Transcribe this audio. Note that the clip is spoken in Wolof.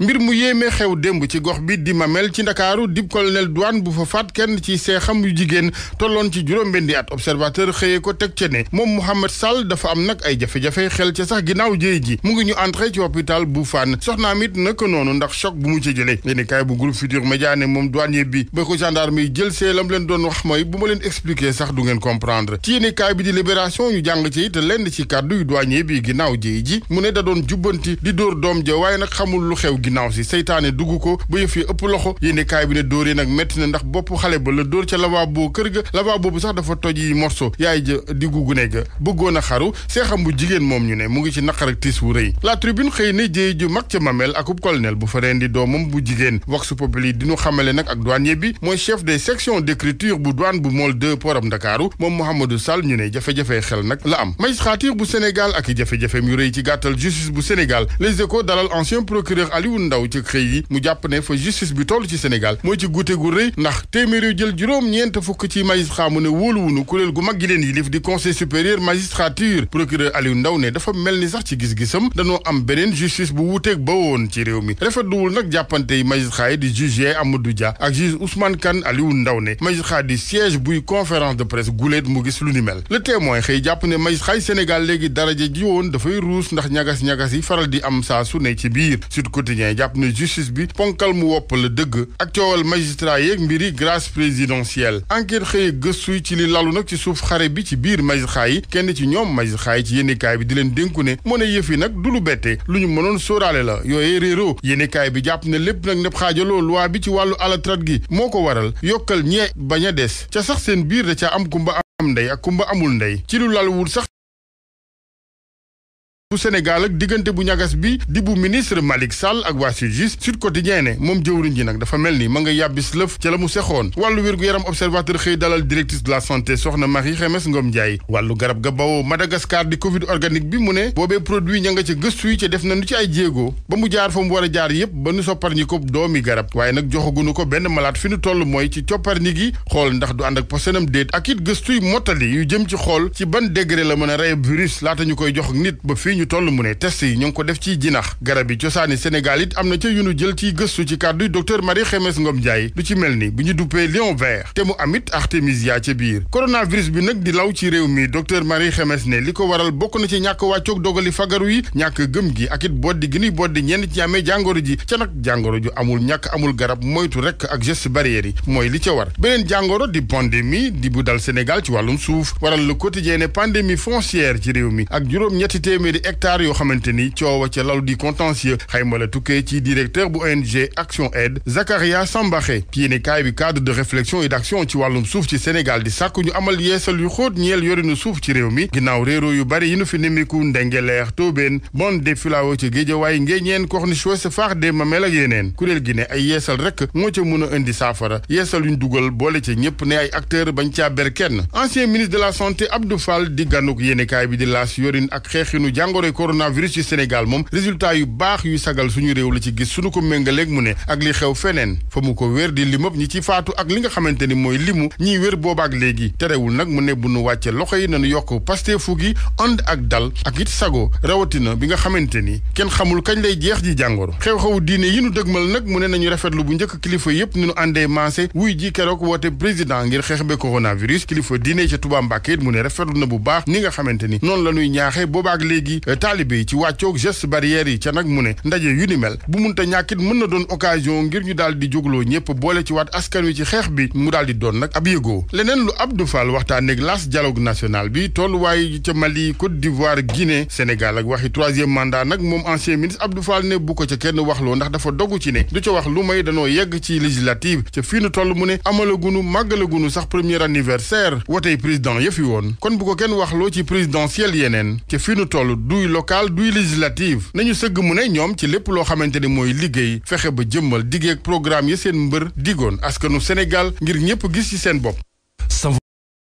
mbir mu yéeme xew démb ci gox bi di Mamel ci ndakaaru dib colonel douane bu fa faat kenn ci seexam yu jigéen tolloon ci juróom-benni at observateur xëyee ko teg ca ne moom Mouhamed Sall dafa am nag ay jafe-jafe xel ca sax ginnaaw jéey ji mu ngi ñu entré ci hôpital bu Fann soxnaam it na noonu ndax choc bu mu ci jëlee yéenekaay bu groupe Futurs Médias ne moom douanier bi ba ko gendarme jël see leen doon wax mooy bu ma leen expliquer sax du ngeen comprendre ci yéenekaay bi di libération ñu lu xew ginnaaw si seytaane dugg ko ba yëf yi ëpp loxo yéene kaay bi ne dóor yi nag métti na ndax bopp xale ba la dóor ca lavabo kër ga lavabo bi sax dafa toj yi morso yaay ja diggu gune ga bëggoon a xaru seexam bu jigéen moom ñu ne mu ngi ci naqar ak tiis wu rëy la tribune xëy na jéey ju mag ca mamel akub colonel bu fa rendi doomam bu jigéen vox populi di ñu xamale nag ak douanier bi mooy chef de section d'écriture bu douane bu mool 2 poram Ndakaaru moom Mouhamadou Sall ñu ne jafe xel nag la am magistrature bu Sénégal ak jafe-jafem yu rëy ci gàttal justice bu Sénégal procureur Alioune ndaw ci xëy yi mu jàpp ne fa justice bi toll ci Sénégal mooy ci guute gu rëy ndax téeméer yu jël juróom-ñeent fukk ci magistrat mu ne wóoluwunu kuréel gu mag gi leen yilif di conseil supérieur magistrature procureur Alioune ndaw ne dafa mel ni sax ci gis-gisam danoo am beneen justice bu wuuteeg ba woon ci réew mi rafetluwul nag jàppante yi magistrat yi di juge Amadou ja ak juge Ousmane kan Alioune ndaw ne magistrat di siège buy conférence de presse guléet mu gis lu ni mel le témoin xëy jàpp ne magistrat Sénégal léegi daraja ji woon dafay ruus ndax ñagas-ñagas yi faral di am saa su ne ci biir Sud Quotidien jàpp ne justice bi ponkal mu wopp la dëgg ak coowal magistrat yeeg mbiri grâce présidentielle enquête xëye gëstuy ci li lalu nag ci suuf xare bi ci biir magistrat yi kenn ci ñoom magistrat yi ci yéenekaay bi di leen dénku ne mën a yëf yi nag du lu bette lu ñu mënoon sóoraale la yooy réeroo yéenekaay bi jàpp ne lépp nag nepp xaajaloo loi bi ci wàllu alatrat gi moo ko waral yokkal ñee bañ a des ca sax seen biir da ca am kumba am ndey ak kumba amul ndey bu Sénégal ak diggante bu ñagas bi di bu ministre Malick Sall ak waa SYTJUST Sud Quotidien ne moom jëwriñ ji nag dafa mel ni ma nga yàbbis lëf ca la mu sexoon wàllu wér-gu-yaram observateur xëy dalal directrice de la santé soxna Marie Xemes Ngom Ndiaye wàllu garab ga bawoo Madagascar di covid organique bi mu ne boobee produit ña nga ca gëstu yi ca def nañu ci ay jéego ba mu jaar fa mu war a jaar yépp ba nu soppar ñi ko doomi garab waaye nag joxagunu ko benn malaat fi nu toll mooy ci coppar gi xool ndax du ànd ak posenam déet ak it gëstuy mottali yu jëm ci xool ci ban degré la mën a rey virus laata ñu koy jox nit fii ñu toll mu ne test yi ñu ngi ko def ci jinax garab yi cosaani Sénégal it am na ca yu nu jël ci gëstu ci kàdduy docteur Marie Xemes Ngom Ndiaye lu ci mel ni bu ñu duppee lion vert te mu amit artémisia ca biir coronavirus bi nag di law ci réew mi docteur Marie Xemes ne li ko waral bokk na ci ñàkk wàccoog dogali fagaru yi ñàkk gëm gi ak it boddi gi nuy boddi ñenn ci amee jàngoro ji ca nag jàngoro ju amul ñàkk amul garab moytu rek ak geste barrière yi mooy li ca war beneen jàngoro di pandémie di bu dal Sénégal ci wàllum suuf waral le quotidien ne pandémie foncière ci réew mi ak juróom téeméeri hectares yoo xamante ni coowa ca lalu di contentieux xayma la tukkee ci directeur bu ONG Action Aid Zakaria Sambaxe yéene kaay bi cadre de réflexion et d'action ci wàllum suuf ci Sénégal di sàkk ñu amal yeesal yu xóot ñeel yorinu suuf ci réew mi ginnaaw réero yu bari yi nu fi nimiku ndengeleer toobeen bon de filao ci géejawaay ngéeñeen corniche ouest phare des Mamelles ak yeneen kuréel gi ne ay yeesal rek moo ca mën a indi saafara yeesal yuñ dugal boole ca ñépp ne ay acteur bañ caa kenn ancien ministre la santé Abdou Fall di gànnuk bi di laas yorin ak xeexinu jàngoro jàngoroy coronavirus ci Sénégal moom résultat yu baax yuy sagal suñu réew la ci gis ko méngaleeg mu ne ak li xew feneen fa mu ko wér ñi ci faatu ak li nga xamante ni mooy limu ñiy wér boobaak léegi terewul nag mu ne bu nu wàcce loxo yi nañu yokk pasteefu gi ànd ak dal ak it sago rawatina bi nga xamante ni kenn xamul kañ lay jeex ji jàngoro xew-xewu diine yi nu dëgmal nag mu ne nañu rafetlu bu njëkk kilifa yépp ni nu àndee maase wuy ji keroog woote président ngir xeex be coronavirus kilifa diine ca Tuubaa Mbàkke it mu ne rafetlu na bu baax ni nga xamante ni noonu la ñuy boobaak léegi Euh, taalibe yi ci wàccoog geste barrière yi ca nag mu ne ndaje yu ni mel bu mun munta ñàkkit mën na doon occasion ngir ñu daal di jógloo ñëpp boole ci waat askan wi ci xeex bi mu daal di doon nag ab yëgoo leneen lu Abdou waxtaan waxtaaneeg las dialogue national bi tolluwaay ca Mali Côte d'Ivoire Guinée Sénégal ak waxi troisième mandat nag moom ancien ministre Abdou Fall ne bu ko ca kenn waxloo ndax dafa dogu ci ne du ca wax lu may danoo yegg ci législative ca fii nu toll mu ne amalagunu màggalagunu sax premier anniversaire wotey président yëfi woon kon bu ko kenn waxloo ci présidentiel yeneen ca fii nu duy local duy législative nañu sëgg mu ne ñoom ci lépp loo xamante ne mooy liggéey fexe ba jëmmal digéeg programme yi seen mbër digoon askanu Sénégal ngir ñëpp gis ci seen bopp